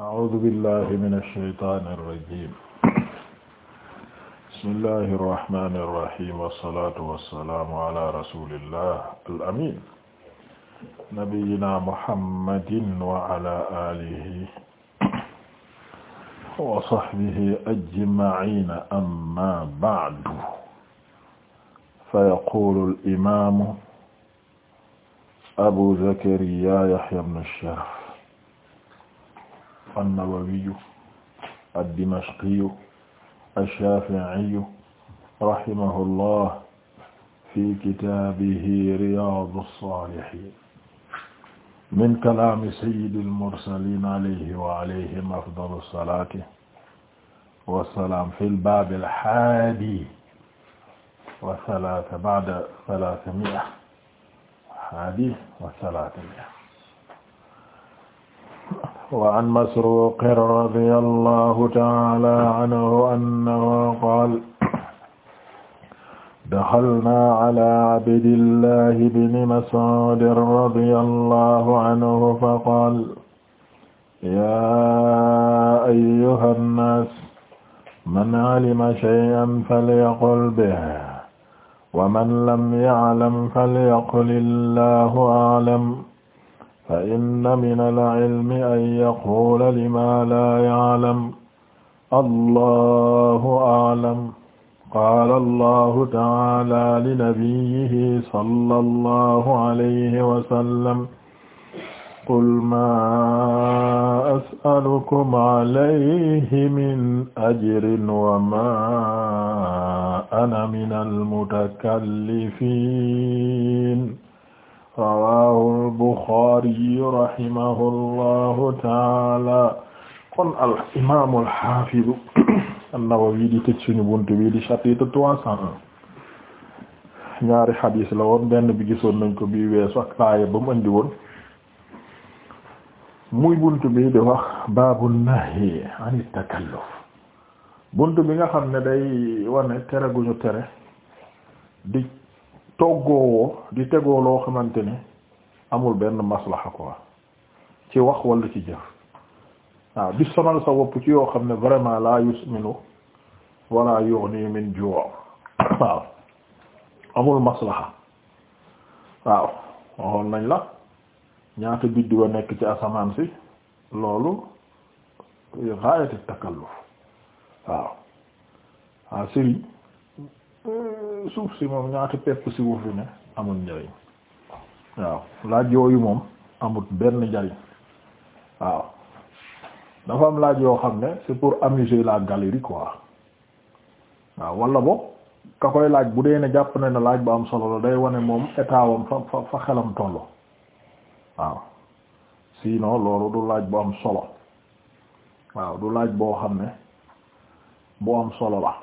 أعوذ بالله من الشيطان الرجيم بسم الله الرحمن الرحيم والصلاة والسلام على رسول الله الأمين نبينا محمد وعلى آله وصحبه أجمعين أما بعد فيقول الإمام أبو زكريا يحيى بن الشرف an-Nawawiyu ad-Dimashqiyu ash-Shafi'iyu rahimahullah fi kitaabihi Riyaadu s-Saalihiin min kalaami sayyidil mursaliin alayhi wa alayhim afdalu salaati wa salaam fil baabil haadi wa salaasa ba'da salaasa mi'a haadi wa salaasa mi'a wa an masruqin radi allahu taala anhu annahu qaal daxalnaa ala abdillahi bni mas'uudin radi allahu anhu faqaal yaa ayyuha nnaas man alima shay'an falyaqul bihi wa man lam ya'lam falyaqul illaahu a'lam fa inna min al-ilmi an yaqula lima la ya'lam allahu a'lam qaala allahu ta'ala li nabiyyihi sallallahu alayhi wa sallam qul ma as'alukum alayhi min ajrin wa ma ana min al-mutakallifin rawaahu al-Buxaari rahimahullahu taala kon al imaamu al-Haafidu an di tëj suñu buntu bi di chapitre trois cent un ñaari xadiis la woon benn bi gisoon nañ ko bii weesu ak laaya ba mu andi woon muy buntu bi di wax baabu nahyi ani takalluf buntu bi nga xam ne day wane tere guñu tere di toggoowoo di tegoo loo xamante ni amul benn maslaxa quoi ci wax wala ci jëf waaw di sonal sa bopp ci yoo xam ne vraiment la yusminu wala yughni min ju' waaw amul maslaxa waaw waxoon nañ la ñaata biddiw a nekk ci asamaan si loolu gaayati takalluf waaw waaw sëriñ Euh, suuf si moom ñaati pepp si wu fi ne amul njariñ waaw laaj yooyu moom amul benn njariñ waaw dafa am laaj yoo xam ne c'est pour amuser la galerie quoi waaw wala boog ka koy laaj bu dee ne jàpp na ne laaj bu am solo la day wane moom état wam fa fa fa xelam tollu waaw sinon loolu du laaj bu am solo waaw du laaj boo xam ne bu am solo la.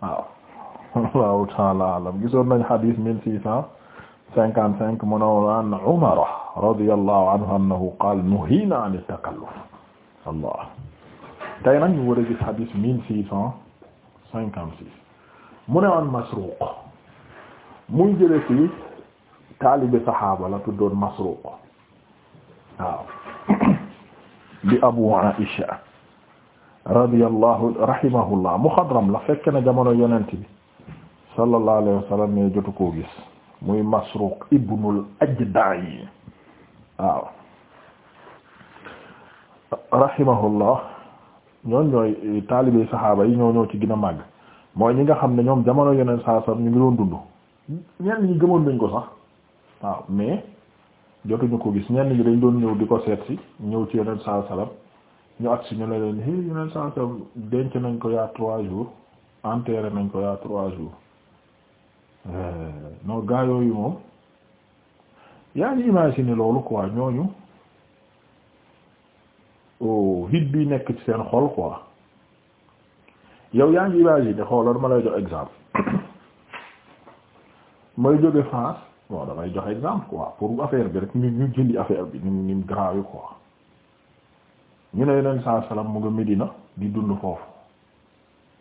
waaw wallahu taala alam gisoon nañ hadith mille six cent cinquante cinq mu ne an Umar radiyallahu anhu annahu qaala nuhiina an at-takalluf allah tey nag ñu war a gis hadith mille six cent cinquante six mu ne an Masruuq muy jële ci taalibe saxaaba la tuddoon Masruuq waaw bi Abu Aisha radiyallahu rahimahullah muxadram la fekk na jamono yonent bi sallallahu alayhi wa sallam mais jotu koo gis muy Masruq ibnul Ajda'i waaw rahimahullah ñoon ñooy taalibey saxaaba yi ñoo ñoo ci gën a màgg mooy ñi nga xam ne ñoom jamono yeneen saa saa ñu gëmoon nañ ko sax waaw mais jotuñu ko gis ñenn ñi dañ doon ñëw di ko seet si ñëw ci yeneen saa salaam ñu si ñu ne leen hé yeneen saa tam denc nañ ko yaa trois jours enterré nañ ko yaa trois jours eh, non gaa yooyu moom yaa ngi imaginer loolu quoi ñooñu oh, hit bi nekk ci seen xol quoi yow yaa ngi imaginer xoolal dama lay jox exemple may jóge France bon damay jox exemple quoi pour affaire bi rek ñu ñu jëli affaire bi ni mu ni mu grave ñu ne yeneen saa salaam mu nga Medina di dund foofu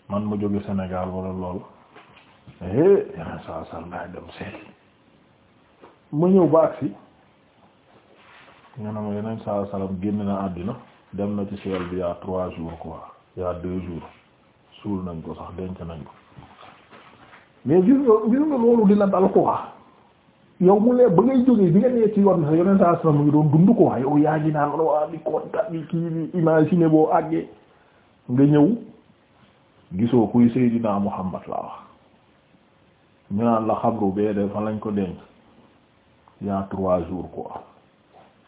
man ma jóge Sénégal wala lool eh yeneen saa salaam laay dem seeti mu ñëw ba agsi ñu ne ma yeneen saa salaam génn na àddina dem na ci seel bi yaa trois jours quoi yaa deux jours suul nañ ko sax denc nañ ko mais gis nga gis nga loolu dina dal quoi. yow mu lee ba ngay jógee bi nga nee ci yoon sa yoneen sa mu ngi doon dund ko yow yaa ngi naan waa bi kontaan bi kii bi boo àggee nga ñëw gisoo kuy Seydina Muhammad laa wax ñu naan la xabru bee de fan ko denc yaa trois jours quoi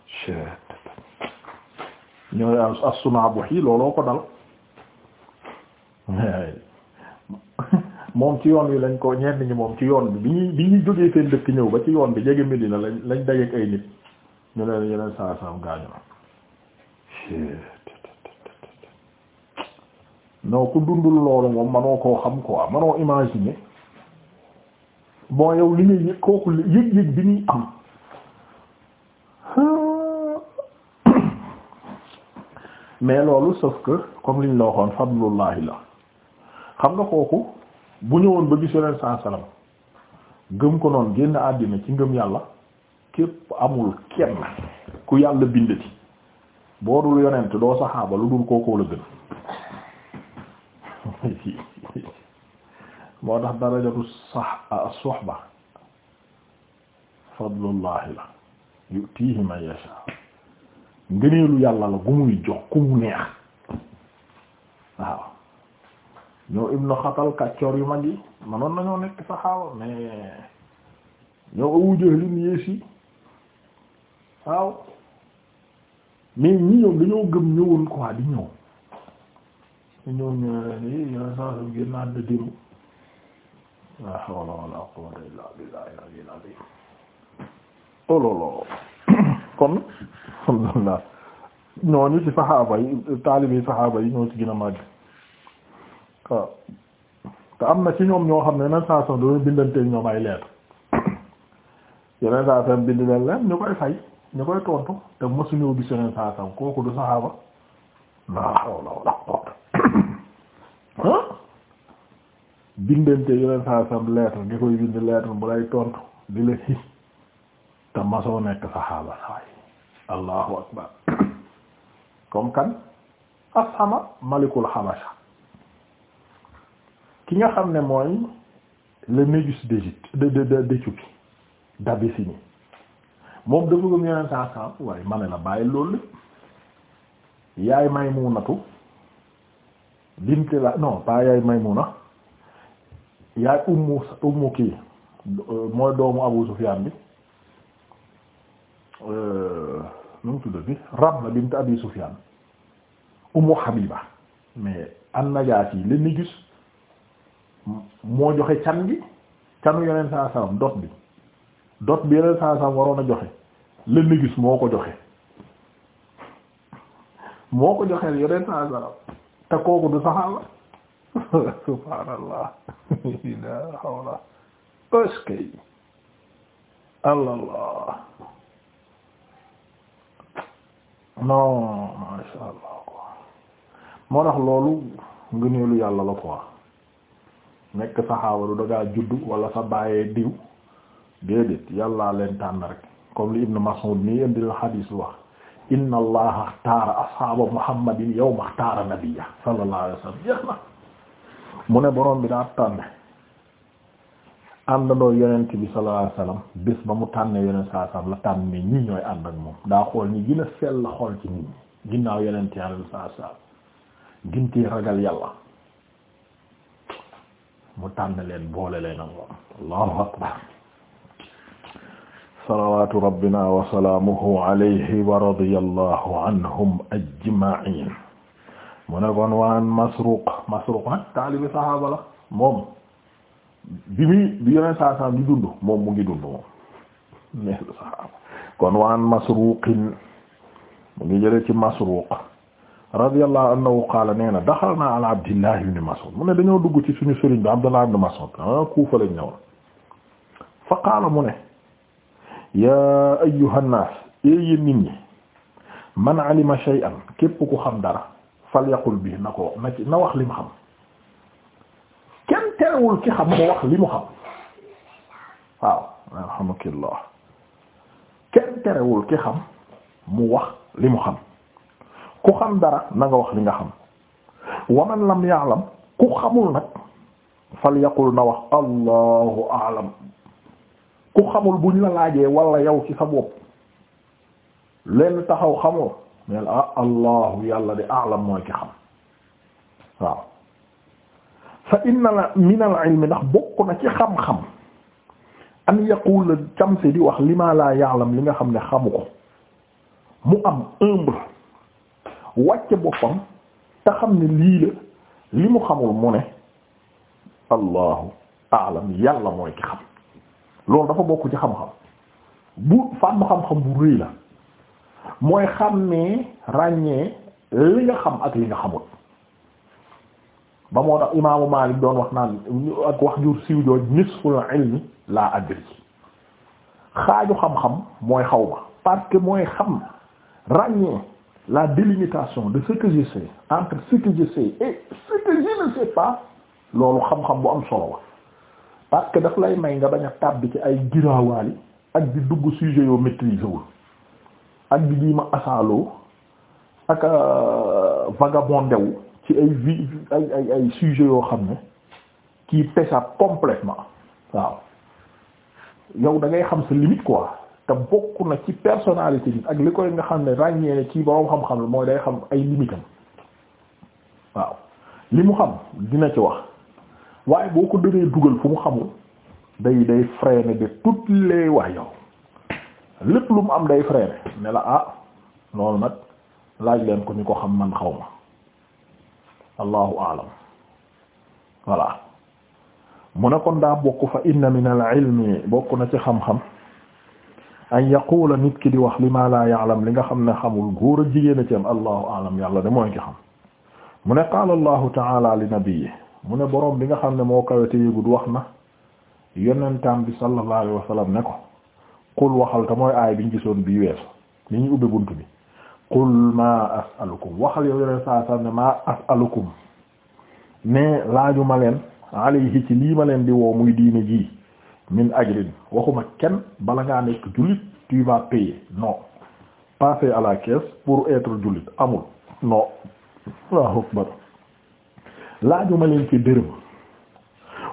chet ñooy as- as- sunaabu xii looloo ko dal moom ci yoon wi lañ ko ñenn ñi moom ci yoon bi bi ñuy bi ñuy jógee seen dëkk ñëw ba ci yoon bi jege Medina lañ lañ dajeek ay nit ñu ne yeneen saa saam gaañu na non ku dundul loolu moom manoo koo xam quoi manoo imaginer bon yow li ngay yëg kooku yëg-yëg bi ñuy am mais loolu sauf que comme liñ la waxoon fadlullahi la xam nga kooku bu ñëwoon ba gis yonent saa salaam gëm ko noonu génn àddina ci ngëm yàlla képp amul kenn ku yàlla bindati boo dul yonent doo saxaaba lu dul kookoo la gën moo tax darajatu sax ah, suhba fadlullahi la yutihi man yasha ngëneelu yàlla la gu muy jox ku mu neex waaw ñoo ibnu xatal kàccoor yu mag ma manoon nañoo nekk saxaaba mais ñoo Abu Jahlin yées yi waaw mais ñi ñoom dañoo gëm ñëwoon quoi di ñëw ñu ñëw ñu ne yow saa su génn ànd démb la hawla wala quwwata illa billahi al-aliyyil azim ololo oh, kon alhamdulillah ñooñu ci saxaaba yi taalibe saxaaba yi ñoo ci gën a màgg waaw te am na ci ñoom ñoo xam ne yeneen saa soxna doon bindante ñoom ay lettre yeneen saa soxna bind leen leen ñu koy fay ñu koy tontu te mosuñoo gis yeneen saa soxna kooku du saxaaba la hawla wala quwwata ah bindante yeneen saa soxna lettre nga koy bind lettre bu lay tontu di la ci te masoo nekk saxaaba waay allahu akbar comme kan asama malikul xabasha ki nga xam ne mooy le Négus d'Égypte de de de d'Éthiopie d'Abyssinie moom dafa gëm yeneen saa saa waaye ma la bàyyi loolu yaay Maymunatu bint la non pas yaay Maymuna yaay ummu ummu kii mooy doomu Abu Sufyaan bi euh, nu mu tudd bi Ramla bint Abi Sufyaan ummu Habiba mais an-Najaasi le Négus moo joxe can gi canu yoneen saa salaam dot bi dot bi yoneen saa salaam waroon a joxe la négus moo ko joxe moo ko joxeel yoneen saa salaam te kooku du saxaaba subhaanallah la hawla eskay allah allah non moo tax loolu ngëneelu yàlla la quoi nekk saxaaba du dangaa juddu wala sa bàyyee diw déedéet yàllaa leen tànn rek comme li ibn Mas'ud nii indi la xadiis wax inna allaha axtaara ashaaba muhammadin yawma axtaara nabiyya sallallahu alayhi mu ne borom bi daa tànn àndandoo yonent bi sallallahu alayhi wasallam ba mu tànnee yonent sallallahu alayhi la tànn ni ñi ñooy ànd ak moom daa xool ñi gën a sell xool ci nit ginnaaw yonent yàlla sallallahu alayhi wasallam ragal yàlla mu tànn leen boole leen ak moom allahu akbar salawaatu rabbina wa salaamuhu alayhi wa radiyallahu anhum ajma'in mu ne taalibi saxaaba moom bi muy bi yoneen saa saa di moom mu ngi dund moom neelu saxaaba kon waan masruqin mu ngi jële ci masruq radiyallahu anhu qaala nee na daxalnaa ala Abdillah ibn Mas'ud mu ne dañoo dugg ci suñu sëriñ bi Abdullah ibn Mas'ud ah Kuufa lañ ñëwoon fa qaala mu ne yaa ayyuhan naas yéen nit ñi man alima shay'an képp ku xam dara falyaqul bi na ko na ci na wax li mu xam kenn terewul ki xam mu wax li mu xam waaw alhamdulillah kenn terewul ki xam mu wax li mu xam. ku xam dara na nga wax li nga xam waman lam ya'lam ku xamul nag fal yaqul na wax allahu a'lam ku xamul buñ la laajee wala yow ci sa bopp lenn taxaw xamoo mais ah allahu yàlla de a'lam mooy ki xam waaw fa inna la min al ilmi ndax bokk na ci xam-xam an yaqula camse di wax li ma laa ya'lam li nga xam ne xamu ko mu am umbre wàcce boppam te xam ne lii la li mu xamul mu ne allahu aalam yàlla mooy ki xam loolu dafa bokk ci xam-xam bu fànn xam-xam bu rëy la mooy xam xàmmee ràññee li nga xam ak li nga xamul ba moo tax imaamu Maalik doon wax naan ak wax jur siiw nisful ilmi laa adri xaaju xam-xam mooy xaw ma parce que mooy xam ràññee la délimitation de ce que je sais entre ce loolu xam-xam bu am solo la parce que daf lay may nga bañ a tàbbi ci ay giraawaali ak di dugg sujet yoo maîtriser wul ak di jii ma asaaloo ak euh, vagabondé wu ci ay vi ay ay sujet yoo xam ne kii pesa complètement waaw yow da xam sa limite quoi te bokk na ci personnalité bi ak li koy nga xam ne ràññee ne ci borom xam-xam la mooy day xam ay limitam waaw li mu xam dina ci wax waaye boo ko dëree dugal fu mu xamul day day freiner de toutes les wax yow lépp lu mu am day freiner ne la ah loolu nag laaj leen ko ñu ko xam man xaw ma allahu aalam voilà mu ne kon daa bokk fa inna min al ilmi bokk na ci xam-xam an yaqula nit ki di wax li ma la ya'lam li nga xam ne xamul góor ak jigéen a ci am allahu a'lam yàlla de mooy ki xam mu ne qaala allahu ta'ala li nabiyyi mu ne boroom bi nga xam ne moo kawete yëgul wax na yonentam bi sallallahu alayhi wa sallam ne ko qul waxal te mooy aay bi gisoon bii wees li ñu ubbe bunt bi qul ma as'alukum waxal yow yonent saa sallam ne ma as'alukum ne laaju ma leen alayhi ci lii ma leen di woo muy diine ji min ajrin waxuma kenn bala ngaa nekk jullit tu vas payer non passer à la caisse pour être jullit amul non Allahu laajuma leen ci dërëm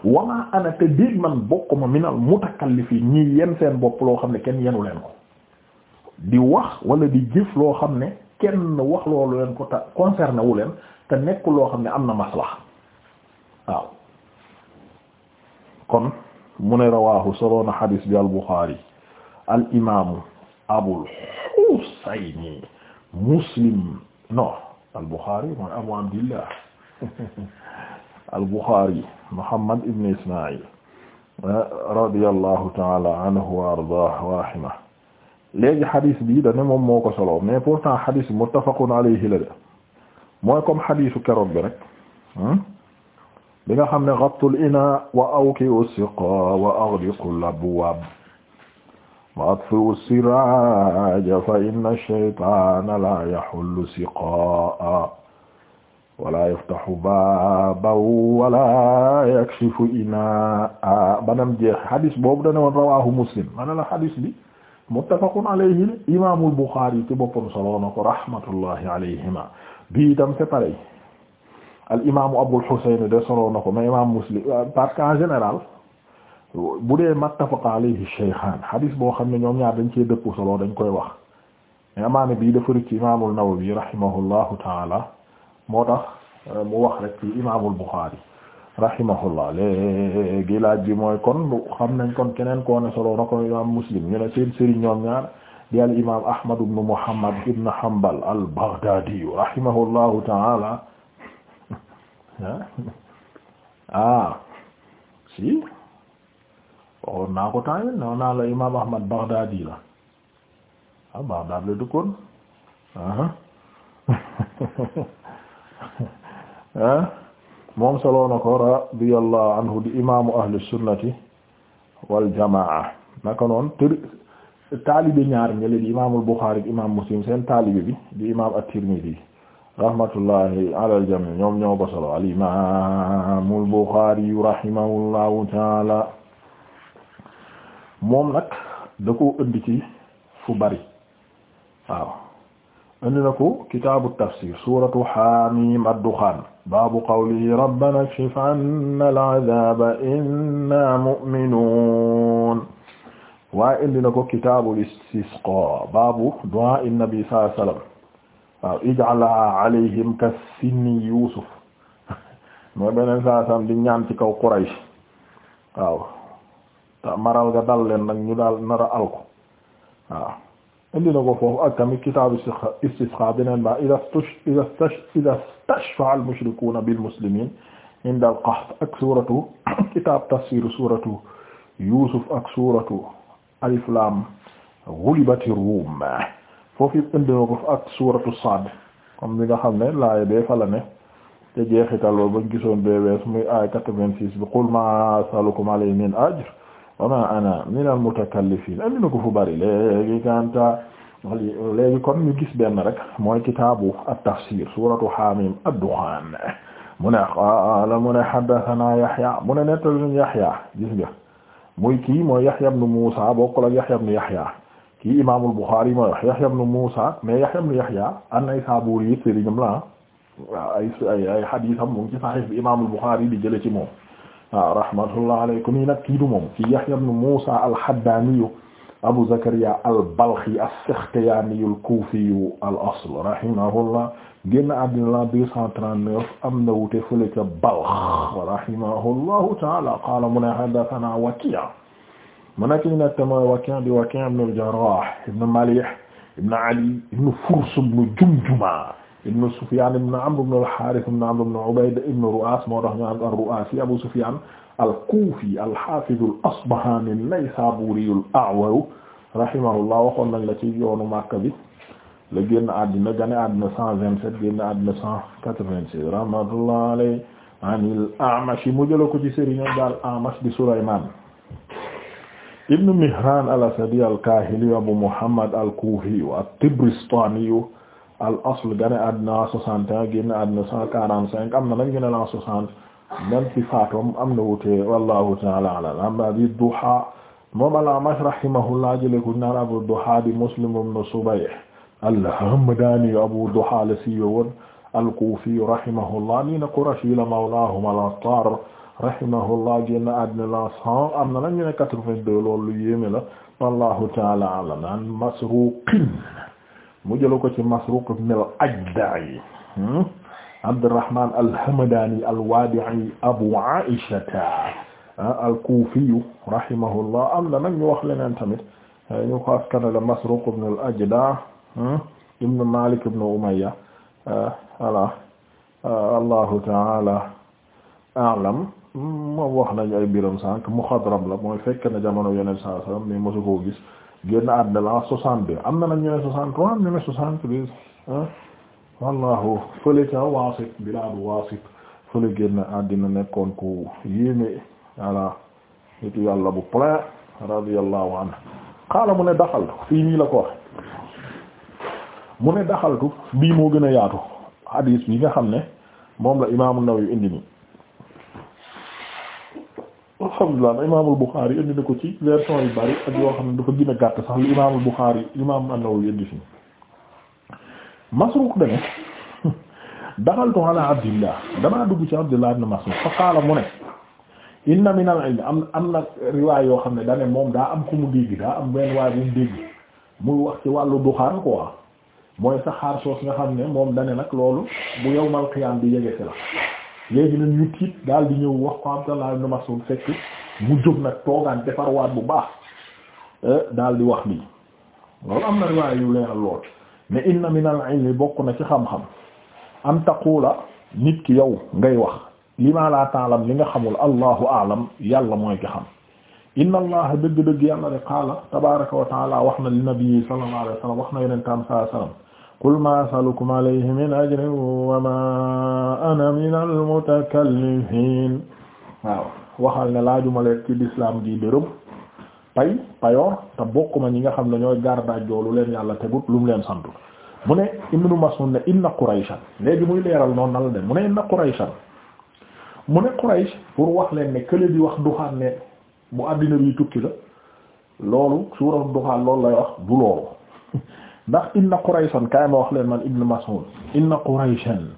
wamaa ana te déeg man bokkuma minal mutakallifiin ñi yenn seen bopp loo xam ne kenn yenu leen ko di wax wala di jëf loo xam ne kenn wax loolu leen ko te concerné wu leen te nekk loo xam ne am na maslax waaw kon mu ne rawaahu soloona xadis bi al Buxaari al imaamu Abul Xusayni Muslim no al Buxaari mooy Abu Abdillah al Buxaari Muhammad ibn Ismaa'il radiyallahu ta'ala anhu wa ardaahu wa rahima léegi xadis bi da ne moom moo ko solo mais pourtant xadis muttafaqun alayhi la de mooy comme xadisu keroog bi rek. Hmm? bi nga xam ne xabtul ina wa awki usiqa wa aghliqul abwaab wa atfi'u siraaja fa inna shaytaana la yahullu siqaa wala yaftahu baaban wala yakshifu inaa banam jeex hadis boobu dana woon rawahu muslim mana la hadis bi muttafaqun alayhi imaamul Buxaari ci boppam solo na ko rahmatullahi alayhima bi itam c'est pareil al imaamu Abul Husayn de solo na ko mais imaam Muslim parce que en général bu dee mattafaqa alayhi shaykhaan hadith boo xam ne ñoom ñaar dañ cee dëpp solo dañ koy wax mais amaana bii dafa rëcc imaamul Nawawi rahimahullahu taala moo tax euh, mu wax rek ci imaamul Bukhari rahimahullah léegi laaj bi mooy kon xam nañ kon keneen koo solo na ko imaam Muslim ñu ne seen sëriñ ñoom ñaar. di al imaam Ahmad ibn Muhammad ibn Hanbal al-Baghdadi rahimahullahu taala ah si waxoon naa ko temps yii non la imaam Ahmad Baghdadi la ah Baghdad la dëkkoon ah ah moom solo na ko radiyallahu anhu di imaamu ahlu sunnati wal jamaa naka noonu taalibe ñaar ñële di imaamul Bukhari ak imaam Muslim seen taalibe bi di imaam at-Tirmidhi. rahmatullahi ala al-jamii ñoom ñoo ko solo al-imaam al-Buxaari rahimahullahu taala moom nag da ko indi ci fu bari waaw indi na ko kitaabu tafsir suuratu Haamiim ad-Duxaan baabu qawlihi rabbana kshif anna al-azaaba inna mu'minuun waaye indi na ko kitaabul istisqaa baabu du'aa'i nabi sallallahu alayhi wa sallam waaw ij'alha alayhim ka sinni Yuusuf mooy beneen saa sam di ñaan ci kaw Quraysh waaw te maral ga dal leen nag ñu daal nara al ko waaw indi na ko foofu ak tamit kitaabu istisqa beneen ba ida ida stashfa al mushrikuuna bil muslimiin inda al qahth ak suuratu kitaab tafsiir suuratu Yuusuf ak suuratu alif laam ghulibatir ruum foofu it indi na ko ak suuratu Saad comme bi nga xam ne laaya bee fa la ne te jeexital ba bañ gisoon bee wees muy aaya quatre-vingt-six bi qul ma as'alukum alayhi min ajr wa ma ana min al mutakallifin indi na ko fu bari léegi kanta léegi kon ñu gis benn rek mooy kitaabu at-tafsir suuratu Haamim ad-Duxaan mu ne qaala mu ne haddathana Yahya mu ne nettali Yahya gis nga muy kii mooy Yahya ibn Muusaa bokkul ak Yahya ibn Yahya kii imaamul Buxaari ma Yahya ibn Muusa mais Yahya ibn Yahya an-Naysaburi sëriñam la ah. waaw ay ay ay xadiisam mu ngi ci Sahih bi imaamul Buxaari di jële ci moom waaw rahmatullah alayhi ku nii nag kii du moom kii Yahya ibn Muusa al-Haddaaniyu Abu Zakariya al-Balkhi as-Sakhtiyaaniyu al-Kuufiyu al-asl rahimahullah génn àddina la 239 am na wuute fële ca Balkh rahimahullahu ta'ala qaala mu ne haddathanaa Waki' mu nekk ñu nekk mooy Waki' di Waki' ibn al-Jarrah ibn Malih ibn Ali ibn Furs ibn Jumjuma ibn Sufyan ibn Amr ibn al-Harith ibn Amr ibn Ubayd ibn Ru'as moo tax ñu am ar-Ru'asi Abu Sufyan al-Kufi al-Hafiz al-Asbahani an-Naysaburi al-A'war rahimahullah waxoon nañ la ci yoonu Makka bi la génn àddina gane àddina 127 génn àddina 186 rahmatullahi alayhi an al-A'mash mu jëla ko ci sëriñ daal A'mash di Sulaymaan ibnu Mihran al-Asadi al-Kahili Abu Muhammad al-Kufi at-Tabaristani al-asl gane àddina 61 génn àddina 145 am na nag ñu ne la 60 même ci faatoom am na wuute wallahu ta'ala a'lam amma Abi Duha moom al-A'mash rahimahullah jëlee ku naan Abu Duha di Muslim ibn Subayh al-Hamdani Abu Duha la siiwe woon al-Kufi rahimahullah ni na Qurashi la mawlahum al-Attar rahimahullah génn àddina la cent am na nag ñu ne quatre-vingt-deux loolu lu yéeme la wallahu taala alam an masruqin mu jëlu ko ci masruq ibn al-ajda'i hmm? abdurrahman al-hamadani al-wadi'i abu aishata al-kufiyu rahimahullah am na nag ñu wax leneen tamit ñu ko askanale masruq ibn al-ajda' hmm? ibn malik ibn umayya ala allahu taala alam moom wax nañ ay mbiram sànq muxadram la mooy fekk na jamono yeneen saa salaam mais mosu koo gis génn àddina la soixante am na nag ñu ne soixante trois am ñu ne soixante treize ah wallaahu fële ca waasit àddina nekkoon ku yéeme yàlla bu plein radiyallahu anhu xaala mu ne daxaltu fii nii la ko ne daxaltu bii moo gën a yaatu hadis bi nga xam ne moom la imaamu Nawawi indi alhamdulilah imaamul Buxaari indi na ko ci version yu bari ak yoo xam ne dafa gën a gàtt sax li imaamul Buxaari imaam An-Nawawi indi fi Masruq dane daxaltu ala Abdillah damaa dugg ci Abdillah ibn Mas'ud fa qaala mu ne inna min am na riwaay yoo xam ne dane moom daa am ku mu dégg daa am benn waay bu dégg muy wax ci wàllu duxaan quoi mooy saxaar soos nga xam ne moom dane nag loolu bu yawmal qiyaam bi yegesi la léegi nag ñu tiit daal di ñëw wax ko Abdallah ibn Mas'ud fekk mu jóg nag toogaan defarwaat bu baax eh, daal di wax lii loolu am na riwaay yu leeral lool mais inna min al-ilmi bokk na ci xam-xam am taqula nit ki yow ngay wax lima laa taalam li nga xamul allahu aalam yàlla mooy ki xam inna allaha dëgg-dëgg yàlla de qaala tabaraka wa wax na li nabii sallallahu alayhi wax na yeneen tam sallallahu alayhi qul ma asalukum alayhi min ajrin wa ma ana waaw waxal ne laajuma leen ci lislaam gi dërëm pay payoor te bokkuma ñi nga xam ne ñooy gardaaj joolu leen yàlla tegut lu mu leen santu mu ne ibnu Mas'ud ne inna Qurayshan léegi muy leeral noon na la dem mu ne inna Qurayshan mu ne Quraysh pour wax leen ne kële di wax duxaan ne bu àddina bi tukki la loolu suuratu duxaan loolu lay wax du loolu ndax inna quraysan kaay ma wax leen man ibn mas'ud inna quraysan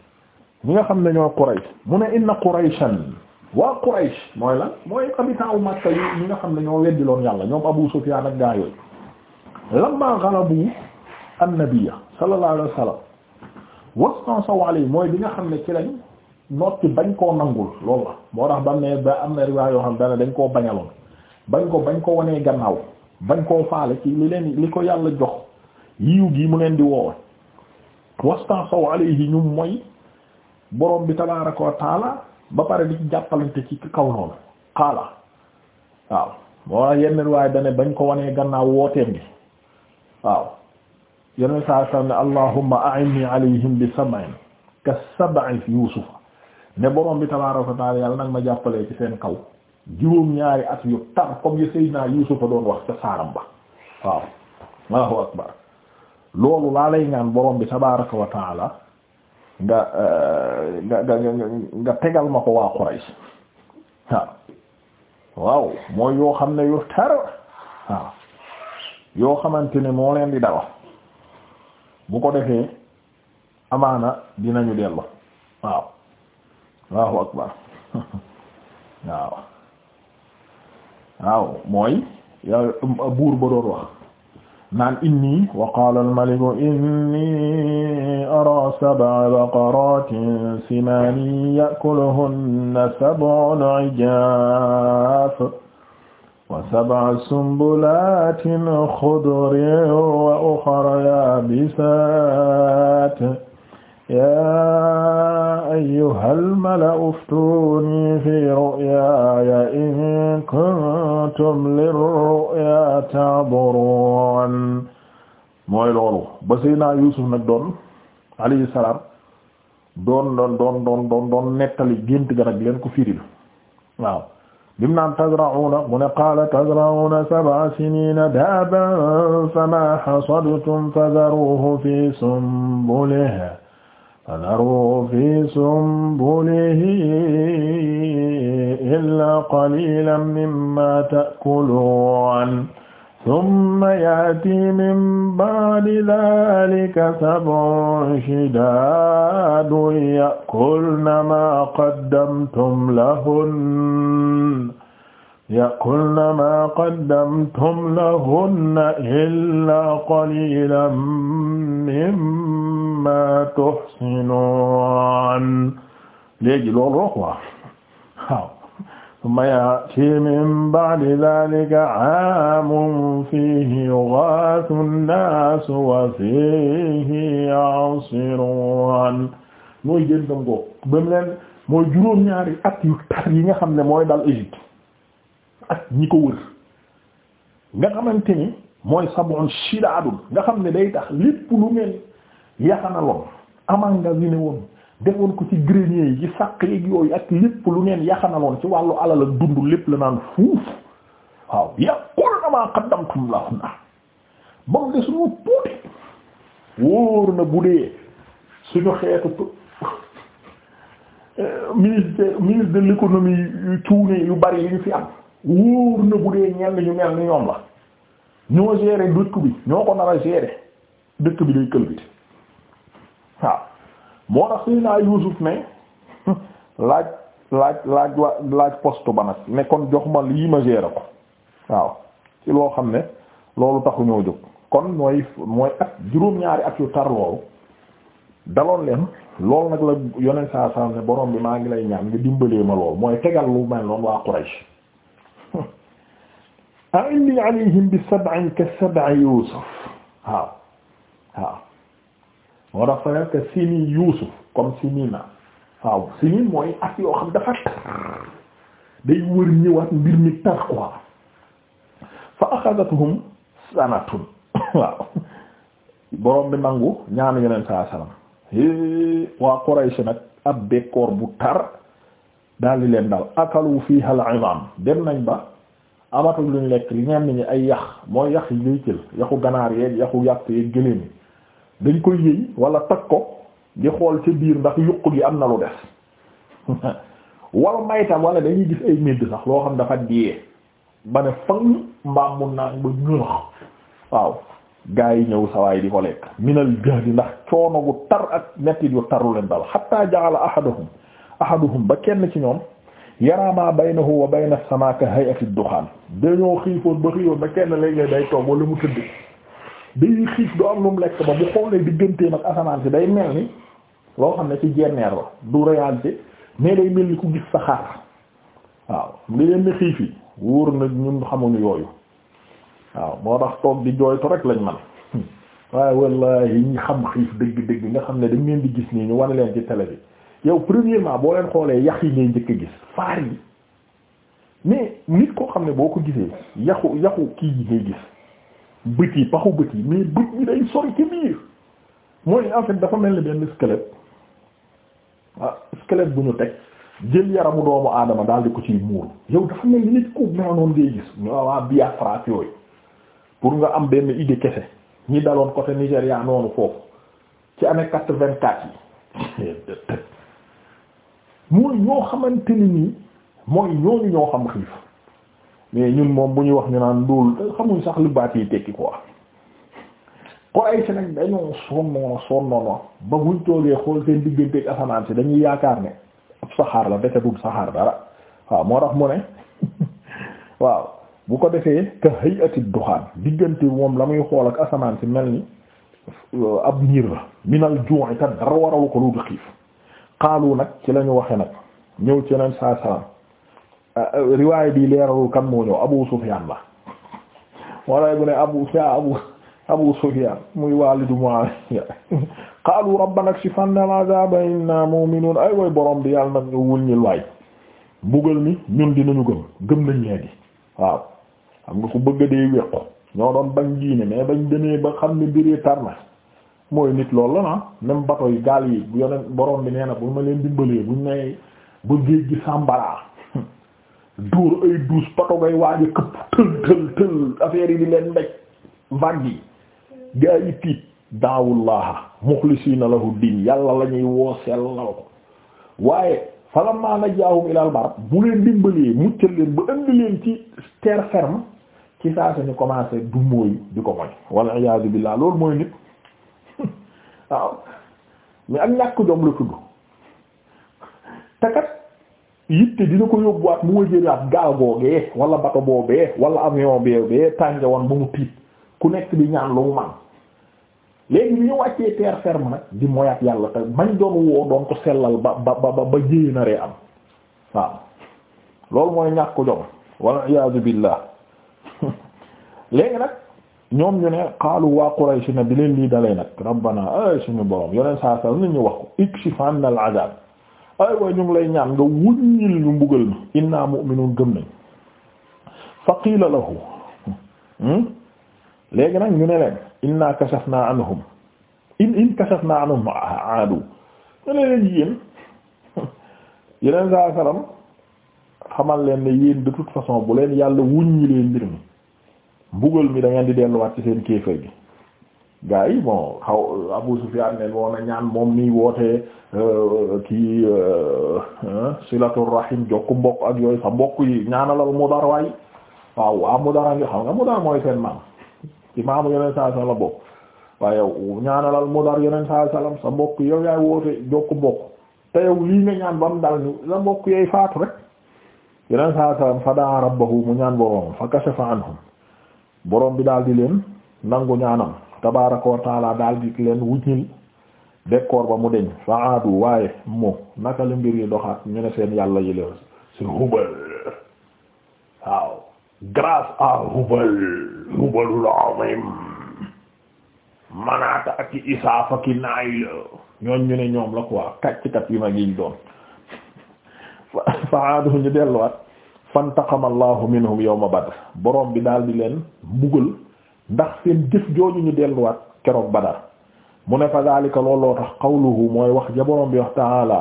ñi nga xam ne ñoo quraysh mu ne inna quraysan waa quraysh mooy la mooy habitant u Makka yi ñi nga xam ne ñoo weddiloon yàlla ñoom Abu Sufyaan ak gaa yooyu lamma ghalabu an-nabiyya sallallahu alayhi wa sallam wastansaw alayhi mooy bi nga xam ne ci lañ notti bañ koo nangul loolu la moo tax ba am ne ba am na riwaay xam dana dañ koo bañaloon bañ ko bañ ko wanee gannaaw bañ koo faale ci li leen li ko yàlla jox yiw gi mu leen di woowe wastansaw alayhi ñu mooy borom bi tabaaraka wa taala ba pare di jàppalante ci kaw noonu xaala waaw moo tax yenn waaye dane bañ ko wanee gannaaw wooteem gi waaw yenn saa saa ne allahumma a'inni alayhim bi sab'in ka sab'i yuusufa ne borom bi tabaaraka wa taala yàlla nag ma jàppalee ci seen kaw juróom ñaari at yu tar comme yu yuusufa doon wax ca saaram ba waaw Allahu akbar loolu laa lay ñaan borom bi tabaraka wa taala euh, nga nga nga nga tegal ma ko waa Quraysh waaw mooy yoo xam ne yu tar yoo xamante ne moo leen di dawa bu ko defee amaana dinañu dellu waaw Allahu akbar waaw mooy buur ba doon wax naan inni wa qaala almaliku inni ara sab'a baqaratin simaani ya'kuluhunna sab'un 'ijaaf wa sab'a sumbulaatin khudrin wa ukhra yaabisaat yaa ayyuhal mala'u uftuunii fii ru'yaaya in kuntum lir-ru'yaa ta'buruun mooy loolu ba Seydina Yuusuf nag doon alayhi salaam doon doon doon doon doon doon nettali gént ga nag leen ko firil waaw bim naan tazra'uuna mu ne qaala tazra'uuna sab'a siniina daaban famaa hasadtum fadharuuhu fii sumbulihi fadaru fi sumbulihi illa qalilan mimma ta'kulun thumma ya'ti min ba'di dhalika sab'un shidadun ya'kulna ma qaddamtum lahun yaqulna ma qaddamtum lahunna illa qalilan mimma tuhsinun léegi loolu wax waaw waaw summa ya'ti min ba'di dhalika 'aamun fihi yughathu an-naasu wa fihi ya'sirun mooy jëndam ko ba mu leen mooy juróom-ñaari at yu tar yi nga xam ne mooy dal Égypte ak ñi ko wër nga xamante ni mooy sabon shidaadul nga xam ne day tax lépp lu ngeen yaxanaloon amangasiné woon defoon ko ci grenier yi ci sàq yeeg yooyu ak lépp lu ngeen yaxanaloon ci wàllu alal ak dund lépp la naan fuuf waaw yàqul na maa qaddamtum lahunna ba mu des ñu tuuti wóor na bu dee suñu xeetu ministre ministre de l'économie yu cuune yu bari yu ñu fi am wóor na bu dee ñenn ñu mel ni ñoom la ñoo gérer dëkk bi ñoo ko nar a gérer dëkk bi day këlbite waaw moo tax suy naa Yuusuf ne laaj laaj laaj laaj poste ba nag ne kon jox ma lii ma gérer ko waaw ci loo xam ne loolu taxu ñoo jóg kon mooy mooy at juróom-ñaari at yu tar loolu daloon leen loolu nag la yoneen saa saa ne borom bi maa ngi lay ñaan nga dimbalee ma lool mooy tegal lu mel noonu waa Quraysh a'inni alayhim bi sab'in ka sab'i Yuusuf waaw waaw moo tax ka sini Yuusuf comme sinina waaw sinin mooy at yoo xam dafa tar day wër ñëwaat mbir mi tar quoi fa axadathum sanatun waaw borom bi nangu ñaanu yeneen saa salaam waa Quraysh nag ab bekkoor bu daal di leen dal akalu fiha al-izam dem nañ ba amatul luñ lekk li ñenn ay yax mooy yax yi ngay jël yaxu ganaar yeeg yaxu yàpp yeeg gëléem yi dañ koy yëy wala tag ko di xool ca biir ndax yuq gi am na lu des wala mayta wala dañuy gis ay médd sax loo xam dafa diyee ba ne fan mbaam mu naa ba ñurax waaw gaa yi ñëw sawaay di ko lekk minal jahli ndax coono gu tar ak mettit yu taru leen dal hatta ja'ala ahaduhum ahaduhum ba kenn ci ñoom yaraamaa baynahu wa bayna as-samaa ka hay'ati ad-duxaan dañoo xiifoon ba xiifoon ba kenn léeg day toog wala mu tëdd day xiif doo am lu mu lekk ba bu xoolee digganteem ak asamaan si day mel ni loo xam ne ci jenneer la du réalité mais day mel ni ku gis saxaar waaw li leen xiif yi wóor na ñun xamuñu yooyu waaw moo tax toog di jooytu rek lañ man waaye yi ñi xam xiif dëgg-dëgg nga xam ne dañ leen di gis nii ñu wane leen ci télé yow premièrement boo leen xoolee yax yi ngay njëkk a gis faar yi mais nit koo xam ne boo ko gisee yaxu yaxu kii yi ngay gis bët yi paxu bët yi mais bët yi dafa mel ni benn squelette ah squelette bu ñu teg jël yaramu doomu aadama daal di ko ciy muur yow dafa mel ni nit ku mel noonu ngay gis ñu waa Biafra yooyu pour nga am benn idée kese ñi daloon côté Nigéria noonu foofu ci année quatre-vingt-quatre yi mooy ñoo xamante ni nii mooy ñooñu ñoo xam xiif mais ñun moom bu ñuy wax ñu naan loolu xamuñ sax lu baat yi tekki quoi Quraysh nag dañoo sonnoona sonnoona ah. ba buñ toogee xool seen digganteeg asamaan si dañuy yaakaar ne ab saxaar la dëkk du saxaar dara waaw moo tax mu ne waaw bu ko defee ka hay'ati duxaan diggante moom la muy xool ak asanaan si mel ni euh, ab niir la minal ju'i kat dara waralu ko lu du xiif xaalu nag ci lañu ñu waxe nag ñëw ci yeneen saa salaam ah, ah, riwaay bi leeralul kan moo ñëw Abu Sufyaan la wala bu ne Abu Sufyaan Abu Abu Sufyaan muy waalidu Muawiya xaalu rabbana kshif anna al-azaaba inna mu'minuun ay way borom bi yàlla nag nga wul ñil waay mbugal mi ñun dinañu gëm gëm nañ léegi waaw xam nga ku bëgg dee wéqu ñoo doon bañ diine mais bañ demee ba xam ne mbiri tar mooy nit lool la na même bato yi gaal yi bu yoneen borom bi nee na bu ma leen dimbalee bu ne ba géej gi sàmbaraa dóor ay douze bato ngay waaj këpp tël tël tël affaire yi di leen mbéj vague yi gaa yi tiit daawullaha muxlisiina lahu diin yàlla la ñuy wooseel law ko waaye la najjaahum ilal barr bu leen dimbalee muccal leen ba indi leen ci terre ferme ci saa sañu commencé du mooy di ko moy wal iyaadu billaah loolu mooy nit waaw mais ak ñàkk jom la tudd te kat yitte dina ko yóbbuwaat mu wëjëlaat gaal googee wala bato boobee wala avion boobee tànge ba mu tiit ku nekk di ñaan lu mu man léegi bi wàccee terre ferme nag di moyaat yàlla te mañ doon woo doon ko sellal ba ba ba ba jéye am waaw loolu mooy ñàkk jom wala iyaazu billah léegi nag ñoom ñu ne qaalu waa Quraysh ne bi leen lii dalee nag rabbana ay suñu borom yoneen saa saa nit ñu wax ko ikshifan al azab ay waaye ñu ngi lay ñaan nga wuññil ñu mbugal na inna mu'minun gëm nañ fa qiila lahu hmm? léegi nag ñu ne leen inna kashafna anhum in in kashafna anhum aadu ñu leen yéen yeneen saa salaam xamal leen ne yéen de toute façon bu leen yàlla wuññilee mbir mi mbugal mi dangeen di delluwaat ci seen kéefër gi gaa yi bon xaw Abu Sufyan ne woon ñaan moom mi wootee euh, kii euh, silatul rahim jokku mbokk ak yooyu sa mbokk yi ñaanalal Mudar waay waaw waa Mudar a ngi xam nga Mudar mooy seen maam ci maamu yeneen saa salaam la bokk waaye ñaanalal Mudar yeneen saa salaam sa mbokk yow yaay woote jokku mbokk te yow lii nga ñaan ba dal ni sa mbokk yay faatu rek yeneen saa salaam fa daa rabbahu mu ñaan boroom fa kashafa anhum borom bi daal di leen nangu ñaanam tabaaraka wa daal di leen wuññil bekkoor ba mu deñ fa aadu waaye mo naka la mbir yi doxaat ñu ne seen yàlla yi leen si Hubal waaw grâce à Hubal Hubalul azim Manaata ak Isaaf ak i Naayil ñooñ ñu ne ñoom la quoi kàcc kat yi ma ngi doon fa ñu delluwaat fantaqama allahu minhum yawma badr borom bi daal di leen mbugal ndax seen jëf jooju ñu delluwaat keroog badar mu ne fa daalika looloo tax qawluhu mooy wax ja borom bi wax ta'ala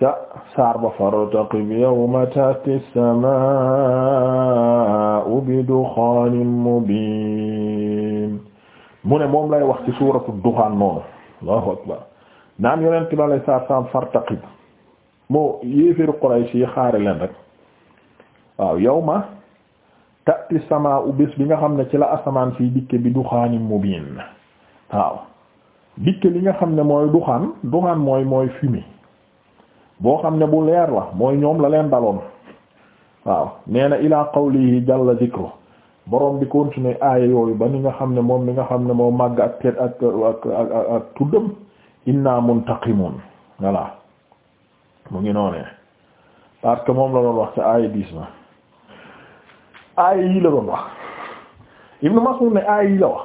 ca saar ba fartaqib yawma ta'ti as-samaa'u bi duxaanin mubiin mu ne moom lay wax ci suuratu duxaan noonu allahu akbar naan yonent bi alayhi salaatu wa salaam fartaqib moo yéeféeru Quraysh yi xaare leen rek waaw yawma tati sama bés bi nga xam ne ci la asamaan fii dikke bi duxaanim mubiin waaw dikke li nga xam ne mooy duxaan duxaan mooy mooy fumée boo xam ne bu leer la mooy ñoom la leen daloon waaw nee na ilaa qawlihi jalla zikru borom bi continuer aaya yooyu ba ni nga xam ne moom mi nga xam ne moo màgg ak tet ak ak ak ak tuddam inna muntaqimun voilà mu ngi noonee parce que moom la doon wax ci aaya diis na aaya yi la doon wax Ibn Mas'ud ne aaya yi la wax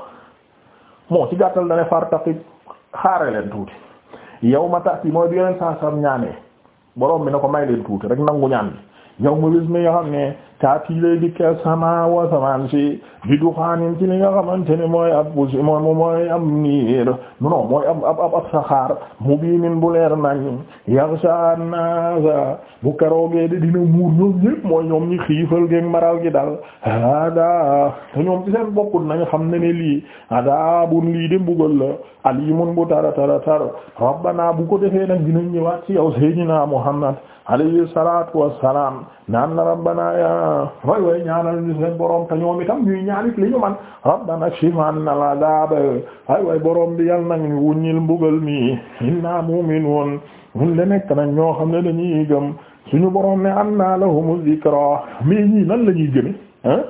moo ci gàttal dane fartaqib xaare leen tuuti yawma ta'ti mooy bi yeneen saa sam ñaanee borom bi na ko may leen tuuti rek nangu ñaan bi ma bis mi nga xam kaati lay dikkee sama wa samaan si bi duxaanin ci li nga xamante ne mooy ab busi mooy mooy ab niir non mooy ab ab ab saxaar mu biinin bu leer nañ yaxsha naasa bu keroogee de dina muur ñoom ñi xiifal géeg maral gi dal ada te ñoom ci seen bokkut nañ xam ne ne lii ada bun lii de mbugal la alimun bu tara tara tar rabbana bu ko defee nag dinañ ñëwaat ci yow sayyidina muhammad alayhi salatu wassalam naan na rabbana ya way way ñaanal ñu seen borom te ñoom itam ñuy ñaanit li ñu man rabbana akshif anna al-adhab ay way borom bi yal nañu wuññil mbugal mi inna mu'minun ñun de nekk nañ ñoo xam ne dañuy gëm suñu borom ne anna lahumu dhikra mais ñii nan la ñuy gëme ah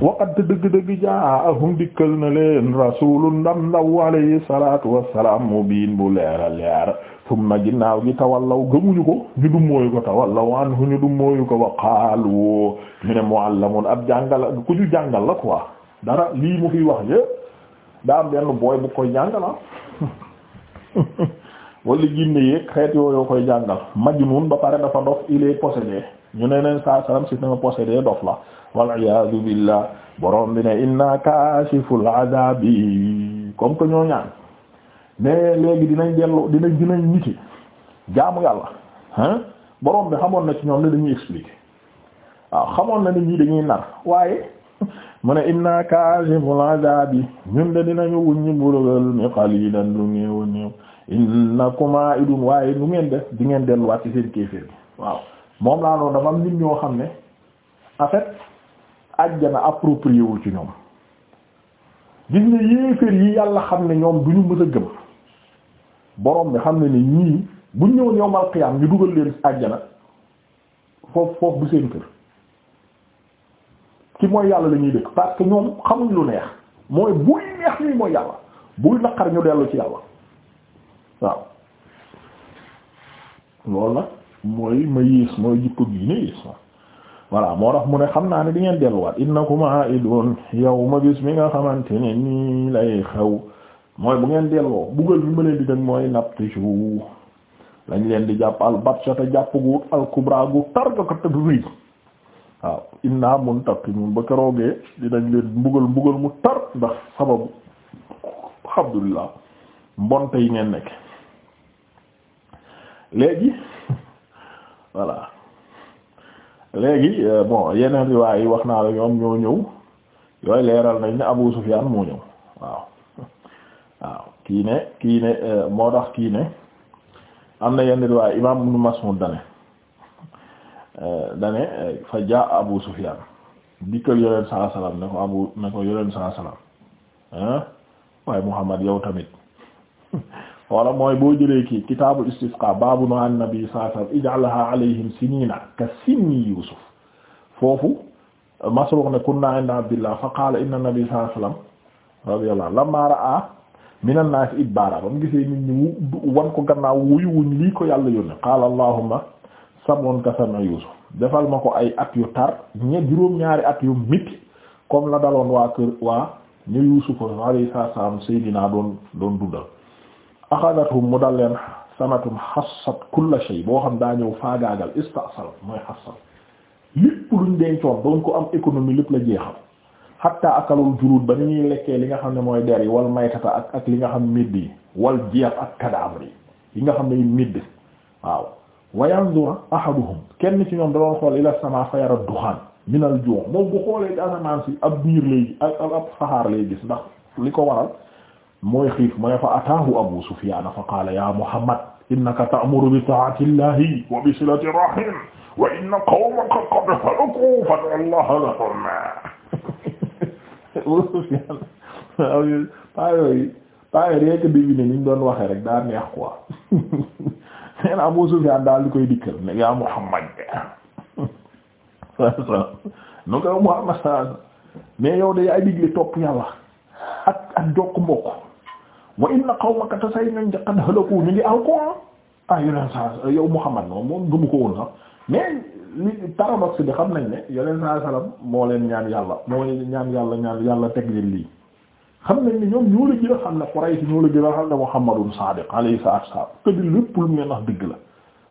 waqat dëgg-dëgg jaahum dikkal na leen rasulu ndam ndaw alayhi salatu wassalam mubiin bu leera leer summa ginnaaw gi tawallaw gëmuñu ko ñu du mooyu ko tawallaw anhu ñu du mooyu ko wa qaalu ñu ne muallamun ab jàngal ku ñu jàngal la quoi dara lii mu fi wax yëpp daa am benn booy bu koy jàngal ah. wala jinne yeeg xeet yooyu koy jàngal majnun ba pare dafa dof il est ñu ne leen saa salaam c'est un possédé dof la wal iyaadu billah borom bi ne inna kaashiful bi comme que ñoo ñaan mais léegi dinañ dellu dinañ dinañ niti jaamu yàlla hein borom bi xamoon na ci ñoom ne dañuy expliquer waaw xamoon na nit ñi dañuy nar waaye mu ne inna kaashiful adabi ñun de dinañu wuññi burugal mi qalilan lu néew a néew innakum aa'idun waaye nu ngeen def di ngeen delluwaat ci seen kéeféer waaw moom laa noonu dafa nit ñoo xam ne en fait àjjana wu ci ñoom gis nga yéeféer yi yàlla xam ne ñoom du ñu mës a gëm boroom bi xam ne ni ñii buñ ñëwoon yowmal qiyaam ñu dugal leen àjjana foofu foofu du seen kër ci mooy yàlla lañuy dëkk parce que ñoom xamuñ lu neex mooy buy neex ñuy mooy yàlla buy naqar ñu dellu ci yàlla waaw loolu nag mooy ma yiis mooy jikko gi ne yiis ma voilà moo tax mu ne xam naa ne di ngeen delluwaat innakum a'idun yow ma bis mi nga xamante ne nii lay xew mooy bu ngeen delloo buggal bi ma leen di dag mooy naptisu lañ leen di jàpp al batshata jàpp gu al kubra gu targakata rëy waaw inna muntaqimun ba keroogee dinañ leen mbugal mbugal mu tar ndax sababu alhamdulillah mbonte yi ngeen nekk léegi voilà léegi euh, bon yeneen riwaay yi wax naa la ñoom ñoo ñëw yooyu leeral nañ ne Abu Sufyan moo ñëw waaw waaw kii ne kii ne euh, moo tax kii ne am na yenn riwaay imaam Ibn Mas'ud dane euh, dane fa jaa Abu Sufyan dikkal yoleen saa salaam ne ko abu ne ko yoleen saa salaam waaye Muhammad yow tamit wala mooy boo jëlee kii kitaabul istisqa baabu no an nabi sallallahu alayhi alayhim sinina ka sinni yusuf foofu masruq ne kunna inda abdillah fa qaala inna ra'a min an-nas bam gisee nit wan ko gannaaw wuyu wuñ lii ko yàlla yónne qaala allahumma sam'un ka sam'i yusuf defal ma ko ay at yu tar ñe juróom-ñaari at yu miti comme la daloon waa kër waa ñu yusufa salaam seydinaa doon doon axadathum mu dal leen sanatun xassat kulla shay boo xam daa ñëw faagaagal istasal mooy xassal lépp luñ dencoon doon ko am économie lépp la jeexal xatta akalul juluud ba ni ñuy lekkee li nga xam ne mooy der yi wal maytata ak ak li nga xam midd yi wal jeex ak cadavre yi yi nga xam ne midd waaw wa yanzura ahaduhum kenn ci ñoom da doon xool ila sama fa yara duxaan minal juu moom bu xoolee di asamaan si ab biir lay ab ab lay gis ndax li ko waral mooy xiif mu ne fa ataahu abu sufyan fa qaala ya muhammad innaka ta'muru bi ta'ati wa bi silati rahim wa inna qawmaka qad halaku fad'u abu sufyan paa yooyu paa bi ne niñ doon waxee rek daa neex quoi abu sufyan daal di koy dikkal ne ya muhammad nu ko muhammad mais yow de yaay digle topp yàlla ak ak jokk mbokk wa inna qawmaka te say ñoñ de qad halaku ñu ngi aw ko ah yeneen saa yow Muhammad moom moom gëmu ko woon sax mais li paradoxe bi xam nañ ne yeneen saa salaam moo leen ñaan yàlla moo leen ñaan yàlla ñaan yàlla teg leen lii xam nañ ni ñoom ñoo la gën xam ne Quraysh ñoo la gën a xam ne Muhammadun sadiq alayhi salaatu wa salaam te di lépp lu mu ne ndax dëgg la.